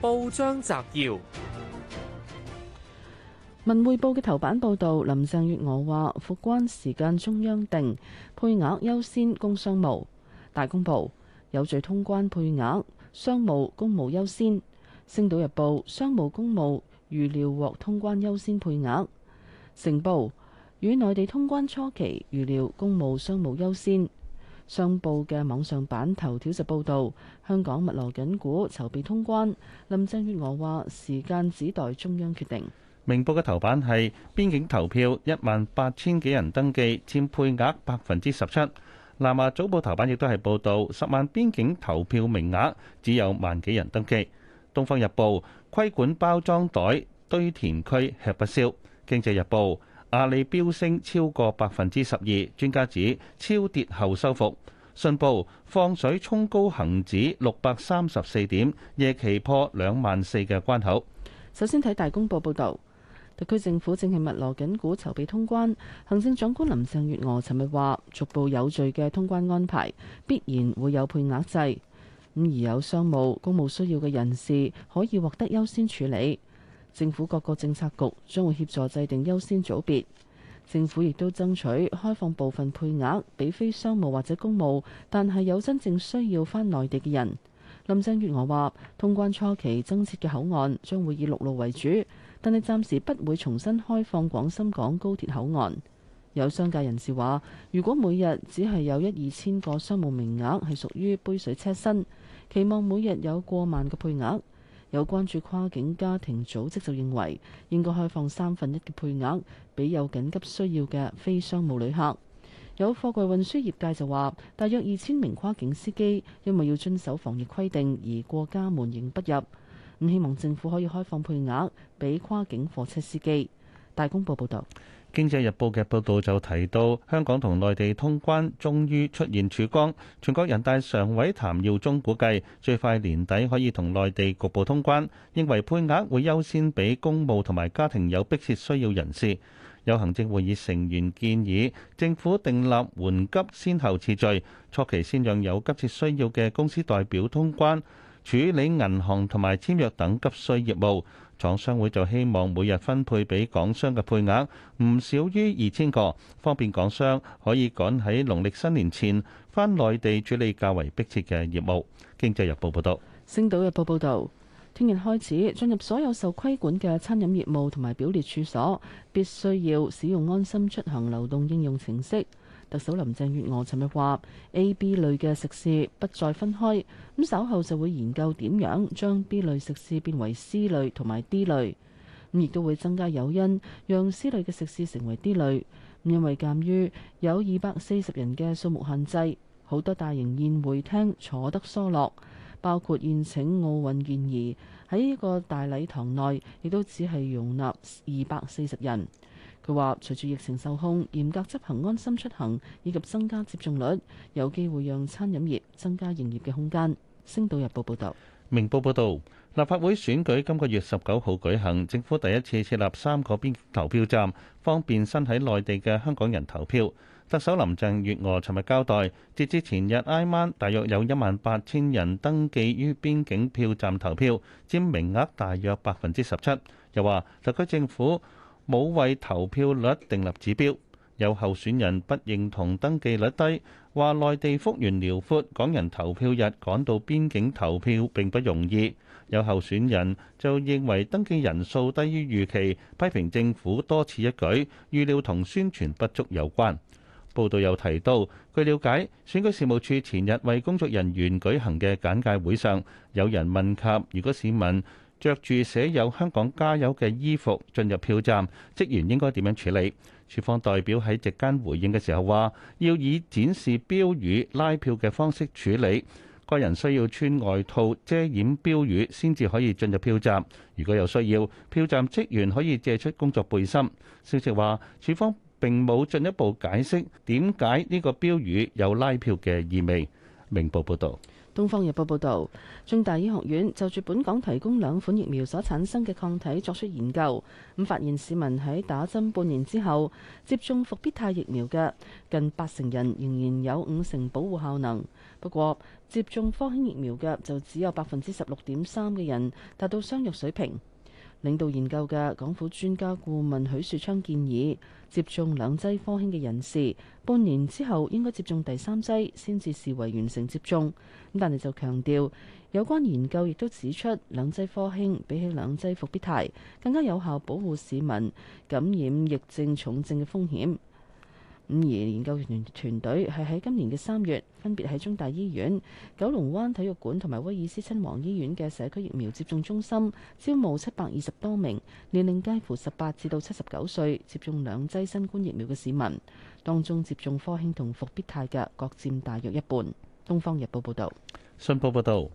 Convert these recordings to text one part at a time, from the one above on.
報章摘要：文匯報嘅頭版報道，林鄭月娥話復關時間中央定，配額優先工商務。大公報有序通關配額，商務公務優先。星島日報商務公務預料獲通關優先配額。成報與內地通關初期，預料公務商務優先。上報嘅網上版頭條就報道香港物流緊股籌備通關，林鄭月娥話時間只待中央決定。明報嘅頭版係邊境投票一萬八千幾人登記，佔配額百分之十七。南華早報頭版亦都係報道十萬邊境投票名額只有萬幾人登記。《東方日報》規管包裝袋堆填區吃不消，《經濟日報》。阿里飆升超過百分之十二，專家指超跌後收復。信報放水衝高，恒指六百三十四點，夜期破兩萬四嘅關口。首先睇大公報報導，特區政府正係密鑼緊鼓籌備通關。行政長官林鄭月娥尋日話，逐步有序嘅通關安排必然會有配額制，咁而有商務、公務需要嘅人士可以獲得優先處理。政府各個政策局將會協助制定優先組別，政府亦都爭取開放部分配額俾非商務或者公務，但係有真正需要返內地嘅人。林鄭月娥話，通關初期增設嘅口岸將會以陸路為主，但係暫時不會重新開放廣深港高鐵口岸。有商界人士話，如果每日只係有一二千個商務名額係屬於杯水車薪，期望每日有過萬嘅配額。有關注跨境家庭組織就認為應該開放三分一嘅配額，俾有緊急需要嘅非商務旅客。有貨櫃運輸業界就話，大約二千名跨境司機因為要遵守防疫規定而過家門而不入。咁希望政府可以開放配額俾跨境貨車司機。大公報報導。《經濟日報》嘅報道就提到，香港同內地通關終於出現曙光。全國人大常委譚耀宗估計，最快年底可以同內地局部通關，認為配額會優先俾公務同埋家庭有迫切需要人士。有行政會議成員建議，政府訂立緩急先後次序，初期先讓有急切需要嘅公司代表通關。處理銀行同埋簽約等急需業務，廠商會就希望每日分配俾港商嘅配額唔少於二千個，方便港商可以趕喺農曆新年前返內地處理較為迫切嘅業務。經濟日報報道。星島日報報道，聽日開始進入所有受規管嘅餐飲業務同埋表列處所，必須要使用安心出行流動應用程式。特首林鄭月娥尋日話：A、B 類嘅食肆不再分開，咁稍後就會研究點樣將 B 類食肆變為 C 類同埋 D 類，咁亦都會增加誘因，讓 C 類嘅食肆成為 D 類。因為鑑於有二百四十人嘅數目限制，好多大型宴會廳坐得疏落，包括宴請奧運健兒喺呢個大禮堂內，亦都只係容納二百四十人。佢話：隨住疫情受控，嚴格執行安心出行以及增加接種率，有機會讓餐飲業增加營業嘅空間。星島日報報導。明報報導，立法會選舉今個月十九號舉行，政府第一次設立三個邊境投票站，方便身喺內地嘅香港人投票。特首林鄭月娥尋日交代，截至前日挨晚，大約有一萬八千人登記於邊境票站投票，佔名額大約百分之十七。又話特區政府。冇為投票率訂立指標，有候選人不認同登記率低，話內地幅員遼闊，港人投票日趕到邊境投票並不容易。有候選人就認為登記人數低於預期，批評政府多此一舉，預料同宣傳不足有關。報道又提到，據了解，選舉事務處前日為工作人員舉行嘅簡介會上，有人問及如果市民着住寫有香港加油嘅衣服進入票站，職員應該點樣處理？處方代表喺席間回應嘅時候話：要以展示標語拉票嘅方式處理，個人需要穿外套遮掩標語先至可以進入票站。如果有需要，票站職員可以借出工作背心。消息話，處方並冇進一步解釋點解呢個標語有拉票嘅意味。明報報導。《東方日報》報道，中大醫學院就住本港提供兩款疫苗所產生嘅抗體作出研究，咁發現市民喺打針半年之後，接種復必泰疫苗嘅近八成人仍然有五成保護效能。不過，接種科興疫苗嘅就只有百分之十六點三嘅人達到相若水平。領導研究嘅港府專家顧問許樹昌建議，接種兩劑科興嘅人士，半年之後應該接種第三劑，先至視為完成接種。咁但係就強調，有關研究亦都指出，兩劑科興比起兩劑復必泰，更加有效保護市民感染疫症重症嘅風險。五而研究員團隊係喺今年嘅三月，分別喺中大醫院、九龍灣體育館同埋威爾斯親王醫院嘅社區疫苗接種中心，招募七百二十多名年齡介乎十八至到七十九歲接種兩劑新冠疫苗嘅市民，當中接種科興同復必泰嘅各佔大約一半。《東方日報》報道。《信報》報道。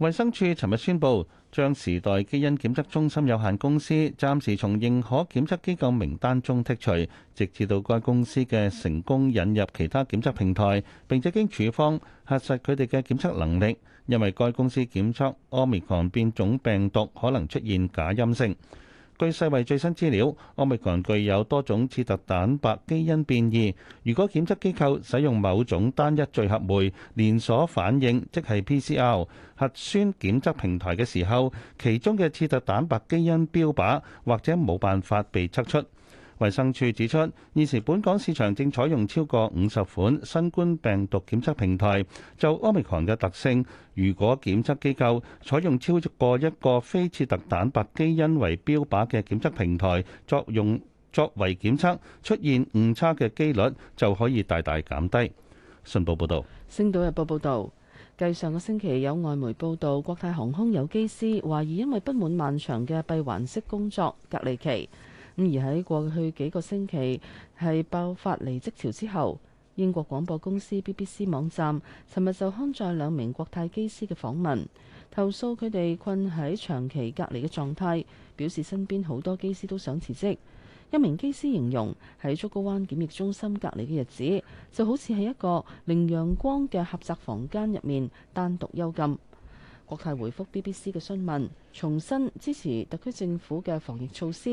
衛生署尋日宣布，將時代基因檢測中心有限公司暫時從認可檢測機構名單中剔除，直至到該公司嘅成功引入其他檢測平台，並且經署方核實佢哋嘅檢測能力，因為該公司檢測奧密克戎變種病毒可能出現假陰性。據世衛最新資料，奧密克戎具有多種刺突蛋白基因變異。如果檢測機構使用某種單一聚合酶連鎖反應，即係 PCR 核酸檢測平台嘅時候，其中嘅刺突蛋白基因標靶或者冇辦法被測出。衛生署指出，現時本港市場正採用超過五十款新冠病毒檢測平台。就奧密克戎嘅特性，如果檢測機構採用超過一個非刺突蛋白基因為標靶嘅檢測平台，作用作為檢測出現誤差嘅機率就可以大大減低。信報報導，星島日報報導，繼上個星期有外媒報導，國泰航空有機師懷疑因為不滿漫長嘅閉環式工作隔離期。而喺過去幾個星期係爆發離職潮之後，英國廣播公司 BBC 網站尋日就刊載兩名國泰機師嘅訪問，投訴佢哋困喺長期隔離嘅狀態，表示身邊好多機師都想辭職。一名機師形容喺竹篙灣檢疫中心隔離嘅日子就好似喺一個零陽光嘅狹窄房間入面單獨幽禁。國泰回覆 BBC 嘅詢問，重申支持特區政府嘅防疫措施。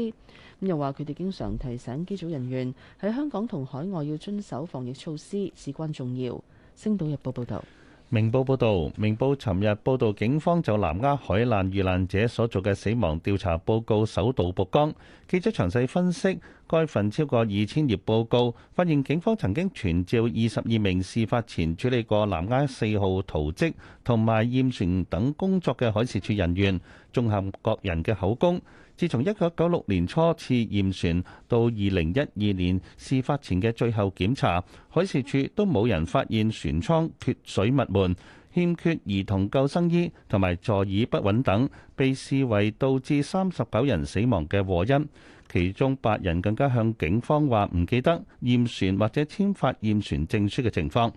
咁又話佢哋經常提醒機組人員，喺香港同海外要遵守防疫措施，至關重要。星島日報報導。明報報導，明報尋日報導警方就南丫海難遇難者所做嘅死亡調查報告首度曝光。記者詳細分析該份超過二千頁報告，發現警方曾經傳召二十二名事發前處理過南丫四號圖則同埋驗船等工作嘅海事處人員，綜合各人嘅口供。自從一九九六年初次驗船到二零一二年事發前嘅最後檢查，海事處都冇人發現船艙缺水密門、欠缺兒童救生衣同埋座椅不穩等，被視為導致三十九人死亡嘅禍因。其中八人更加向警方話唔記得驗船或者簽發驗船證書嘅情況。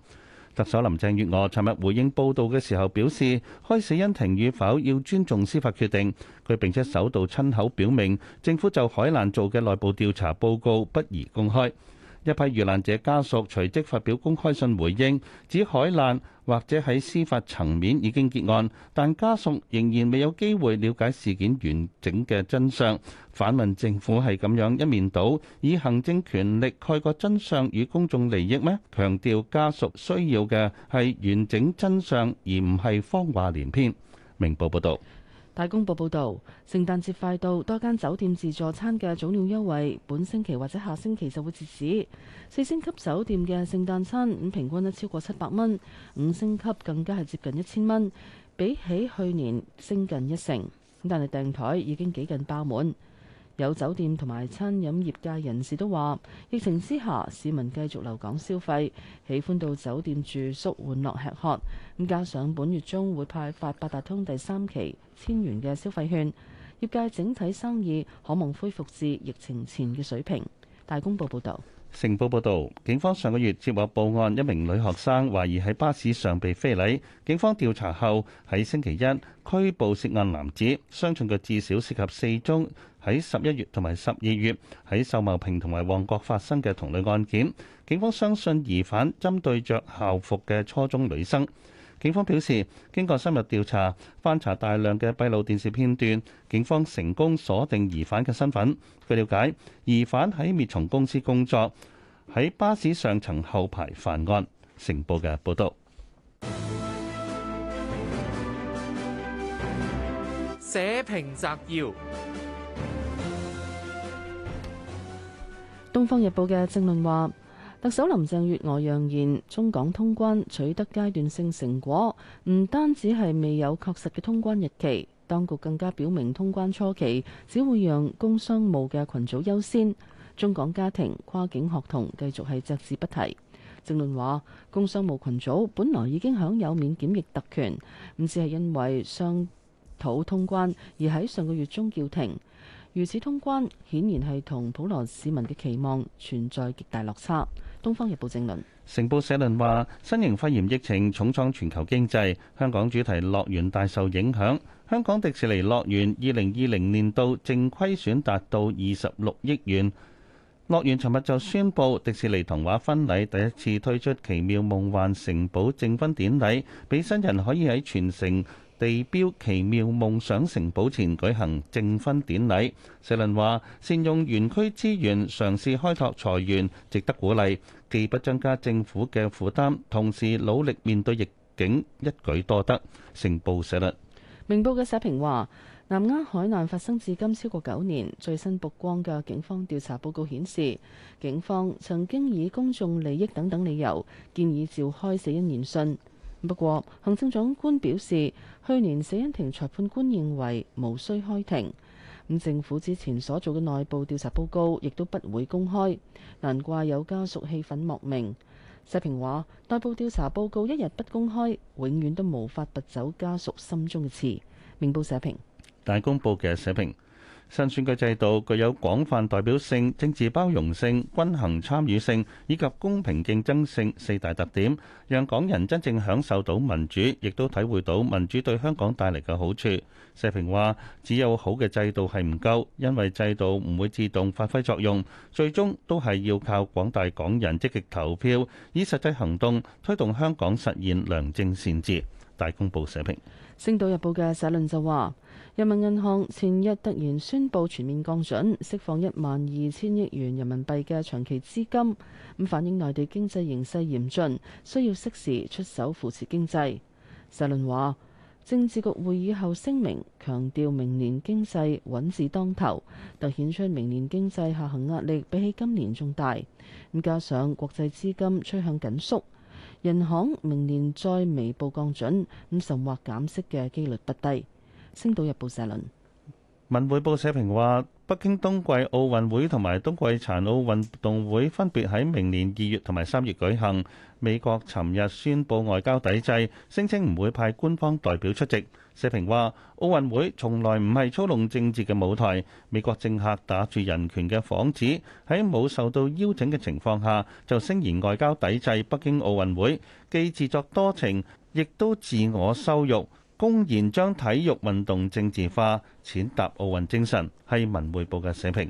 特首林鄭月娥尋日回應報道嘅時候表示，開死因庭與否要尊重司法決定。佢並且首度親口表明，政府就海難做嘅內部調查報告不宜公開。一批遇難者家屬隨即發表公開信回應，指海難或者喺司法層面已經結案,但家屬仍然未有機會了解事件完整嘅真相。反問政府係咁樣一面倒，以行政權力蓋過真相與公眾利益咩？強調家屬需要嘅係完整真相而唔係謊話連篇。明報報道。大公報報導，聖誕節快到，多間酒店自助餐嘅早鳥優惠，本星期或者下星期就會截止。四星級酒店嘅聖誕餐咁平均都超過七百蚊，五星級更加係接近一千蚊，比起去年升近一成。但係訂台已經幾近爆滿。有酒店同埋餐飲業界人士都話，疫情之下市民繼續留港消費，喜歡到酒店住宿玩樂吃喝。咁加上本月中會派發八達通第三期千元嘅消費券，業界整體生意可望恢復至疫情前嘅水平。大公報報道。成報報道，警方上個月接獲報案，一名女學生懷疑喺巴士上被非禮，警方調查後喺星期一拘捕涉案男子，相信佢至少涉及四宗，喺十一月同埋十二月喺秀茂坪同埋旺角發生嘅同類案件，警方相信疑犯針對着校服嘅初中女生。警方表示，經過深入調查，翻查大量嘅閉路電視片段，警方成功鎖定疑犯嘅身份。據了解，疑犯喺滅蟲公司工作，喺巴士上層後排犯案。成報嘅報道，社評摘要。《東方日報》嘅正論話，特首林鄭月娥揚言，中港通關取得階段性成果，唔單止係未有確實嘅通關日期，當局更加表明，通關初期只會讓工商務嘅群組優先，中港家庭跨境學童繼續係隻字不提。正論話，工商務群組本來已經享有免檢疫特權，唔知係因為商討通關而喺上個月中叫停。如此通關顯然係同普羅市民嘅期望存在極大落差。《東方日報》正論，成報社論話：新型肺炎疫情重創全球經濟，香港主題樂園大受影響。香港迪士尼樂園二零二零年度淨虧損達到二十六億元。樂園尋日就宣布，迪士尼童話婚禮第一次推出奇妙夢幻城堡證婚典禮，俾新人可以喺全城地標奇妙夢想城堡前舉行證婚典禮。社論話：善用園區資源，嘗試開拓財源，值得鼓勵，既不增加政府嘅負擔，同時努力面對逆境，一舉多得。成報社論。明報嘅社評話：南丫海難發生至今超過九年，最新曝光嘅警方調查報告顯示，警方曾經以公眾利益等等理由，建議召開死因研訊。不過，行政長官表示，去年死因庭裁判官認為無需開庭。咁政府之前所做嘅內部調查報告亦都不會公開，難怪有家屬氣憤莫名。社評話：內部調查報告一日不公開，永遠都無法拔走家屬心中嘅刺。明報社評。大公報嘅社評。新選舉制度具有廣泛代表性、政治包容性、均衡參與性，以及公平競爭性四大特點，讓港人真正享受到民主，亦都體會到民主對香港帶嚟嘅好處。社評話，只有好嘅制度係唔夠，因為制度唔會自動發揮作用，最終都係要靠廣大港人積極投票，以實際行動推動香港實現良政善治。大公報社評，《星島日報》嘅社論就話，人民銀行前日突然宣布全面降準，釋放一萬二千億元人民幣嘅長期資金，咁反映內地經濟形勢嚴峻，需要適時出手扶持經濟。社論話，政治局會議後聲明強調明年經濟穩字當頭，突顯出明年經濟下行壓力比起今年仲大，咁加上國際資金趨向緊縮。人行明年再未步降準，咁甚或減息嘅機率不低。星島日報社論，文匯報社評話。北京冬季奧運會同埋冬季殘奧運動會分別喺明年二月同埋三月舉行。美國尋日宣布外交抵制，聲稱唔會派官方代表出席。社評話：奧運會從來唔係操弄政治嘅舞台，美國政客打住人權嘅幌子，喺冇受到邀請嘅情況下就聲言外交抵制北京奧運會，既自作多情，亦都自我羞辱。公然將體育運動政治化，踐踏奧運精神，係文匯報嘅社評。